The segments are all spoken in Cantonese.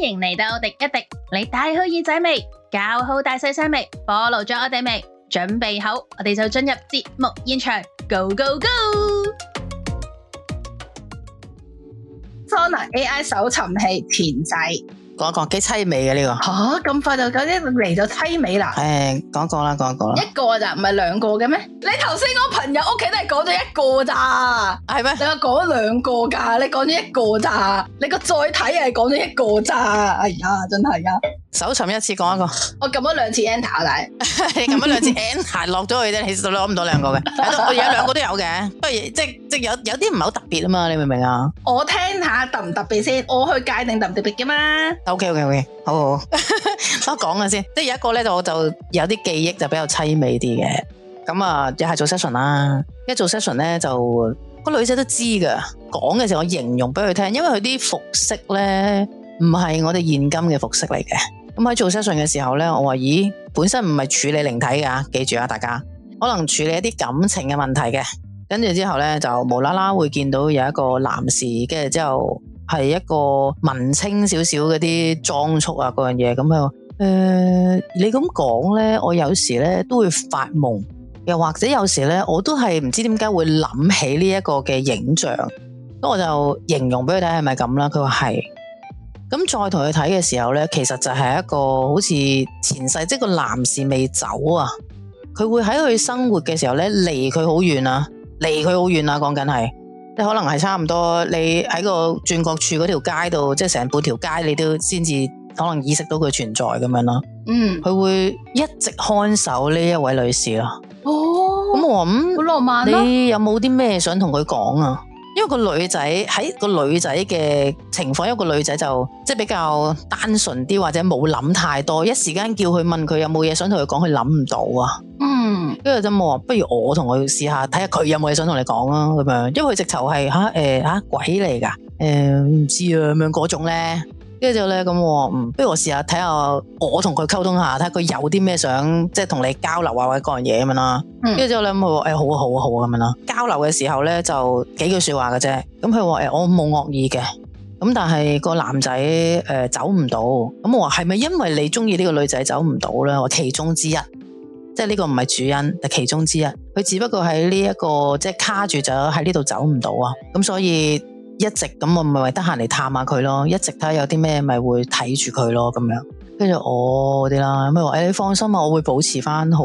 歡迎嚟到廸一廸，你帶好耳仔未？搞好大細聲未？Follow 咗我哋未？準備好，我哋就進入節目現場，Go Go Go！SONA AI 搜尋器前仔。講講幾淒美嘅呢個，吓？咁快就咁一嚟就淒美啦。誒，講講啦，講講啦。一個咋？唔係兩個嘅咩？你頭先我朋友屋企都係講咗一個咋，係咩？你話講咗兩個噶，你講咗一個咋？你個再睇係講咗一個咋？哎呀，真係啊！搜尋一次講一個，我撳咗兩次 enter 啊，大佬，你撳咗兩次 enter 落咗去啫，其實都攞唔到兩個嘅，我有兩個都有嘅，即係即係有有啲唔係好特別啊嘛，你明唔明啊？我聽下特唔特別先，我去界定特唔特別噶嘛？OK OK OK，好，我講下先，即係有一個咧，就我就有啲記憶就比較凄美啲嘅，咁啊又係做 session 啦，一做 session 咧就個女仔都知噶，講嘅時候我形容俾佢聽，因為佢啲服飾咧唔係我哋現今嘅服飾嚟嘅。咁喺做失信嘅時候咧，我話咦，本身唔係處理靈體噶，記住啊，大家可能處理一啲感情嘅問題嘅。跟住之後咧，就無啦啦會見到有一個男士，跟住之後係一個文青少少嗰啲裝束啊，嗰樣嘢。咁佢話，誒，你咁講咧，我有時咧都會發夢，又或者有時咧，我都係唔知點解會諗起呢一個嘅影像。咁我就形容俾佢睇係咪咁啦，佢話係。咁再同佢睇嘅時候呢，其實就係一個好似前世，即係個男士未走啊，佢會喺佢生活嘅時候呢，離佢好遠啊，離佢好遠啊，講緊係，即可能係差唔多你喺個轉角處嗰條街度，即係成半條街你都先至可能意識到佢存在咁樣咯，啊。嗯，佢會一直看守呢一位女士啊。哦，咁我諗好、嗯、浪漫咯，啊。你有冇啲咩想同佢講啊？因為一個女仔喺個女仔嘅情況，一個女仔就即係比較單純啲，或者冇諗太多，一時間叫佢問佢有冇嘢想同佢講，佢諗唔到啊。嗯，跟住就冇話，不如我同佢試下睇下佢有冇嘢想同你講啊咁樣。因為佢直頭係吓誒吓鬼嚟噶，誒唔、啊啊、知啊咁樣種咧。跟住之後咧，咁佢話唔，不如我試下睇下我同佢溝通下，睇下佢有啲咩想，即係同你交流啊，或者各樣嘢咁樣啦。跟住之後咧，咁佢話誒，好好好啊，咁樣啦。交流嘅時候咧，就幾句話、嗯、說話嘅啫。咁佢話誒，我冇惡意嘅。咁但係個男仔誒、呃，走唔到。咁、嗯、我話係咪因為你中意呢個女仔走唔到咧？我其中之一，即係呢個唔係主因，但係其中之一。佢只不過喺呢一個即係卡住咗喺呢度走唔到啊。咁、嗯、所以。一直咁啊，咪得閒嚟探下佢咯，一直睇下有啲咩咪會睇住佢咯，咁樣跟住我嗰啲啦，咁佢話：誒、哎、你放心啊，我會保持翻好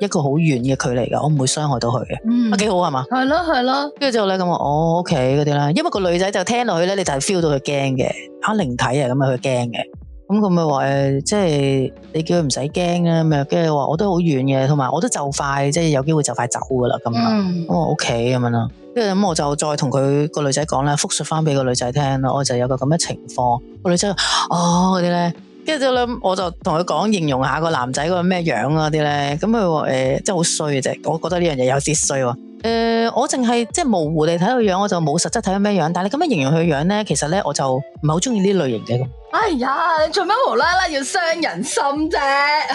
一個好遠嘅距離㗎，我唔會傷害到佢嘅，嗯，幾好係嘛？係咯，係咯，跟住之後咧咁話，我屋企嗰啲啦，因為個女仔就聽落去咧，你就 feel 到佢驚嘅，啊靈體啊咁樣，佢驚嘅。咁佢咪話誒，即係你叫佢唔使驚啦，咁樣跟住話我都好遠嘅，同埋我都就快，即係有機會就快走噶啦，咁啊，我屋企咁樣啦。跟住咁我就再同佢個女仔講咧，複述翻俾個女仔聽咯。我就有個咁嘅情況，個女仔哦嗰啲咧，跟住之後咧，我就同佢講形容下個男仔個咩樣啊啲咧。咁佢話誒，即係好衰嘅啫。我覺得呢樣嘢有啲衰。誒、呃，我淨係即係模糊地睇佢樣，我就冇實質睇佢咩樣。但係你咁樣形容佢樣咧，其實咧我就唔係好中意呢類型嘅。哎呀，做咩無啦啦要傷人心啫？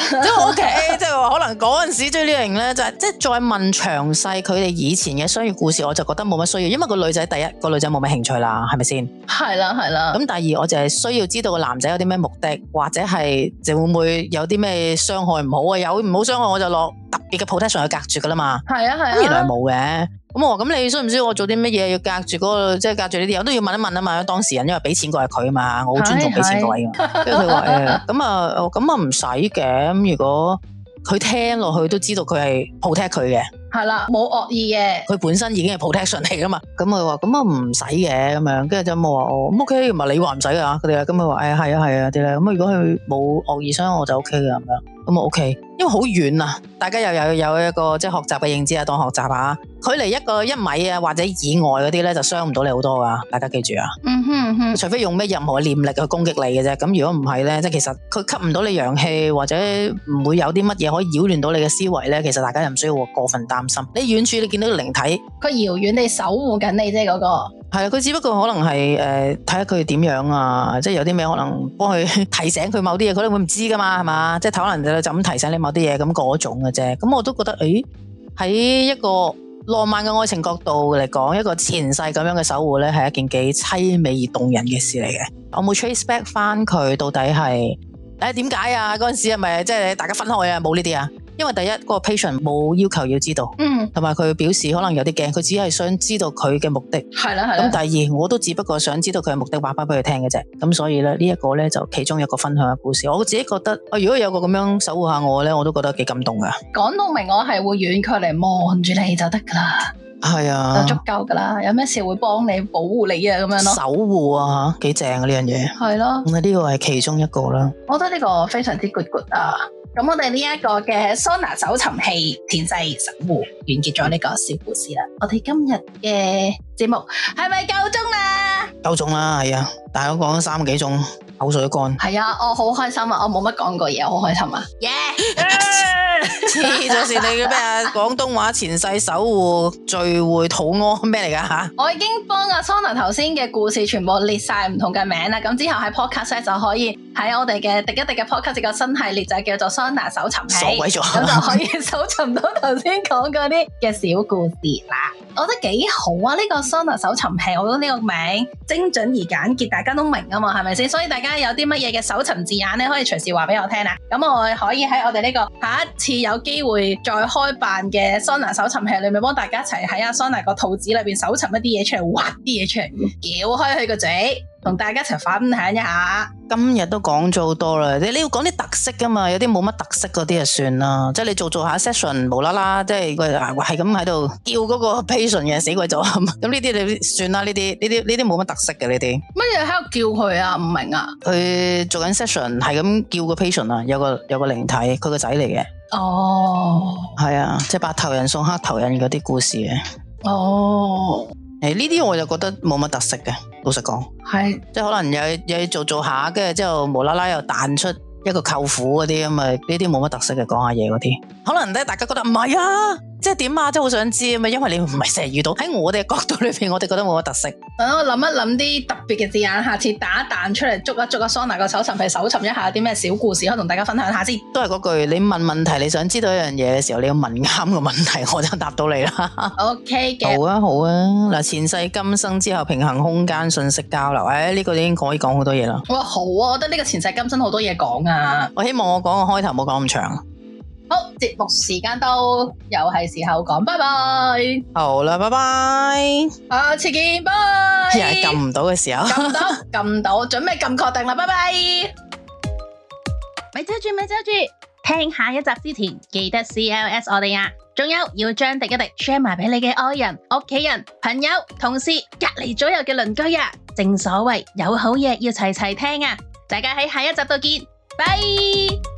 即係 OK，即係話可能嗰陣時做呢樣咧，就係即係再問詳細佢哋以前嘅商業故事，我就覺得冇乜需要，因為個女仔第一個女仔冇乜興趣啦，係咪先？係啦係啦。咁第二我就係需要知道個男仔有啲咩目的，或者係就會唔會有啲咩傷害唔好啊？有唔好傷害，我就落特別嘅 protection 去隔住噶啦嘛。係啊係啊。原來冇嘅。咁咁你需唔需要我做啲乜嘢？要隔住嗰、那個，即係隔住呢啲，我都要問一問啊嘛。當事人因為俾錢個係佢啊嘛，我好尊重俾錢個位。跟住佢話，咁、 欸、啊，咁啊唔使嘅。如果佢聽落去，都知道佢係 protect 佢嘅。係啦，冇惡意嘅。佢本身已經係 protect 上嚟噶嘛，咁佢話咁啊唔使嘅咁樣，跟住就冇話我 OK，唔係你話唔使噶吓，佢哋啊咁啊話誒係啊係啊啲咧，咁、哎、如果佢冇惡意傷我就 OK 嘅。咁樣，咁啊 OK，因為好遠啊，大家又又有一個即係學習嘅認知啊，當學習啊，佢離一個一米啊或者以外嗰啲咧就傷唔到你好多噶，大家記住啊，嗯哼哼，除非用咩任何嘅念力去攻擊你嘅啫，咁如果唔係咧，即係其實佢吸唔到你陽氣或者唔會有啲乜嘢可以擾亂到你嘅思維咧，其實大家又唔需要話過分擔。擔心，你遠處你見到個靈體，佢遙遠地守護緊你啫，嗰、嗰個係啊，佢只不過可能係誒睇下佢點樣啊，即係有啲咩可能幫佢 提醒佢某啲嘢，佢都會唔知噶嘛，係嘛，即係可能就咁提醒你某啲嘢咁嗰種嘅啫。咁我都覺得誒，喺、欸、一個浪漫嘅愛情角度嚟講，一個前世咁樣嘅守護咧，係一件幾淒美而動人嘅事嚟嘅。我冇 trace back 翻佢到底係誒點解啊？嗰陣時係咪即係大家分開啊？冇呢啲啊？因為第一個 patient 冇要求要知道，嗯，同埋佢表示可能有啲驚，佢只係想知道佢嘅目的，係啦係啦。咁第二我都只不過想知道佢嘅目的話翻俾佢聽嘅啫。咁所以咧，呢一個咧就其中一個分享嘅故事，我自己覺得啊，如果有個咁樣守護下我咧，我都覺得幾感動噶。講到明我係會遠距離望住你就得㗎啦。係啊，就足夠噶啦，有咩事會幫你保護你啊，咁樣咯，守護啊吓，幾正啊呢樣嘢，係咯，咁啊呢個係其中一個啦，我覺得呢個非常之 good good 啊，咁我哋呢一個嘅 Sona 搜尋器前世守護完結咗呢個小故事啦，我哋今日嘅節目係咪夠鐘啦？夠鐘啦，係啊，大家講咗三幾鐘，口水乾，係啊，我好開心啊，我冇乜講過嘢，我好開心啊。耶、yeah!！嗰時你嘅咩啊？廣東話前世守護聚會肚屙咩嚟噶嚇？我已經幫阿 Sona 頭先嘅故事全部列曬唔同嘅名啦。咁之後喺 Podcast 就可以。喺我哋嘅廸一廸嘅 podcast 個新系列就叫做 Sona 搜尋器，咁就可以搜尋到頭先講嗰啲嘅小故事啦。 我覺得幾好啊！呢、這個 Sona 搜尋器，我覺得呢個名精準而簡潔，大家都明啊嘛，係咪先？所以大家有啲乜嘢嘅搜尋字眼咧，可以隨時話俾我聽啊。咁我可以喺我哋呢個下一次有機會再開辦嘅 Sona 搜尋器裏面，幫大家一齊喺阿 Sona 個肚子裏邊搜尋一啲嘢出嚟，挖啲嘢出嚟，撬開佢個嘴。同大家一齊分享一下。今日都講咗好多啦，你你要講啲特色㗎嘛，有啲冇乜特色嗰啲啊算啦，即係你做一做一下 session，無啦啦、就是，即係佢係咁喺度叫嗰個 patient 嘅，死鬼咗咁呢啲你算啦，呢啲呢啲呢啲冇乜特色嘅呢啲。乜嘢喺度叫佢啊？唔明啊？佢做緊 session，係咁叫個 patient 啊，有個有個靈體，佢個仔嚟嘅。哦，係啊，即係白頭人送黑頭人嗰啲故事嘅。哦、oh. 欸，誒呢啲我就覺得冇乜特色嘅。老實講，是即可能又要做做下，跟住之後無啦啦又彈出一個舅父嗰啲咁啊，呢啲冇乜特色嘅講下嘢嗰啲，可能咧大家覺得唔係啊。即係點啊！即係好想知啊嘛，因為你唔係成日遇到喺，我哋嘅角度裏邊，我哋覺得冇乜特色。等我諗一諗啲特別嘅字眼，下次打一彈出嚟，捉一捉個 Sona 個搜尋，係搜尋一下啲咩小故事，可以同大家分享下先。都係嗰句，你問問題，你想知道一樣嘢嘅時候，你要問啱個問題，我就答到你啦。OK 嘅。 好啊，好啊。嗱，前世今生之後，平衡空間，信息交流。誒、哎、呢、這個已經可以講好多嘢啦。哇，好啊，我覺得呢個前世今生好多嘢講啊。我希望我講個開頭冇講咁長。好，節目時間到，又係時候講拜拜。好啦，拜拜，下次見，拜。今日撳唔到嘅時候，撳唔到，撳唔到，準備撳確定啦，拜拜。咪遮住，咪遮住，聽下一集之前記得 C L S 我哋啊。仲有要將廸一廸 share 埋俾你嘅愛人、屋企人、朋友、同事、隔籬左右嘅鄰居啊。正所謂有好嘢要齊齊聽啊！大家喺下一集度見，拜。